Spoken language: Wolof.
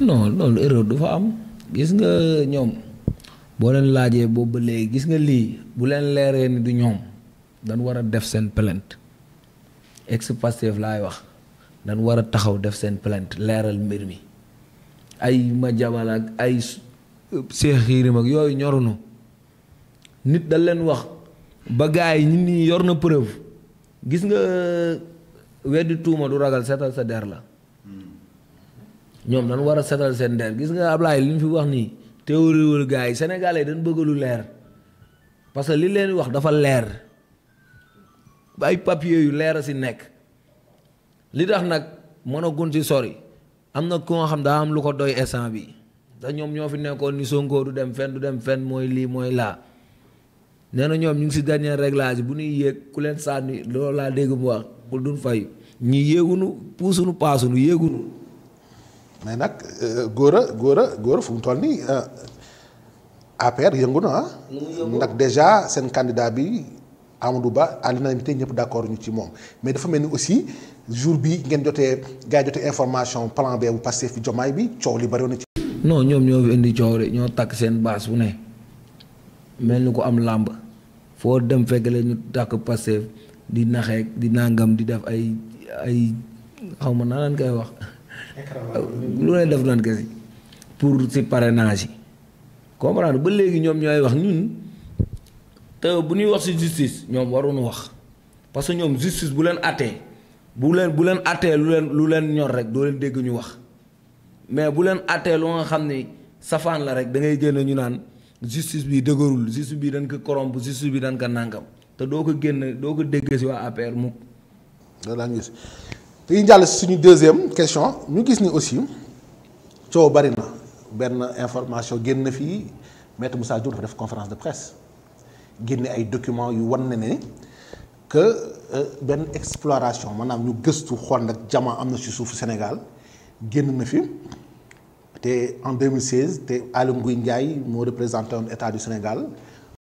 non loolu erreur du fa am gis nga ñoom boo leen laajee boobu ba léegi gis nga lii bu leen leeree ni du ñoom dañ war a def seen plainte ex laay wax dañ war a taxaw def seen plainte leeral mbir mi ay ma jamal ak ay seex xiirim ak yooyu ñorunu nit da leen wax ba gars yi nit ñi yor na preuve gis nga weddi tuuma du ragal seetal sa der la ñoom dañ war a setal seen der gis nga Ablaye li ñu fi wax nii teewriwul gars yi sénégalais dañ bëgg lu leer parce que li leen wax dafa leer ay papier yu leer a si nekk li tax nag mën a gun si sori am na koo xam daa am lu ko doy instant bi te ñoom ñoo fi nekkoon ni Sonko du dem fenn du dem fenn mooy lii mooy laa nee na ñoom ñu ngi si dernier réglage bu ñuy yéeg ku leen sànni loolu laa dégg mu wax pour duñ fay ñi yéegunu puusunu paasunu yéegunu mais nag euh, góor a góor góor fu mu toll nii euh, APR yëngu na ah. ndax déjà seen candidat bi Amadou Ba à l'unanimité ñëpp d'accord ñu ci moom mais dafa mel ni aussi jour bi ngeen jotee gars jotee information plan B bu Pastef fi bi coow li bëriwoon na ci. non ñoom ñoo fi indi coow rek ñoo takk seen baas bu ne mel ni ko am làmb foo dem fekk la ñu takk Pastef di naxeek di nangam di def ay ay xaw naa leen koy wax. lu ne def naan kese pour si parrainage yi comprendre ba léegi ñoom ñooy wax ñun te bu ñuy wax si justice ñoom waroon wax parce que ñoom justice bu leen àttee bu leen bu leen àttee lu leen lu leen ñor rek doo leen dégg ñu wax mais bu leen àttee lu nga xam ni safaan la rek da ngay génn ñu naan justice bi dëgërul justice bi dañ ko corrompre justice bi dañ ko nàngam te doo ko génn doo ko déggee si waa APR mukk. da daan dañuy jàll suñu deuxième question ñu gis ni aussi coow bari na benn information génn na fii maître Moussa Diop dafa def conférence de presse génne ay documents yu wan na ne que euh, benn exploiration maanaam ñu gëstu xool nag jamaa am na si suufu Sénégal génn na fi te en 2016 te Aly guy Ndiaye moo représenté woon état du Sénégal.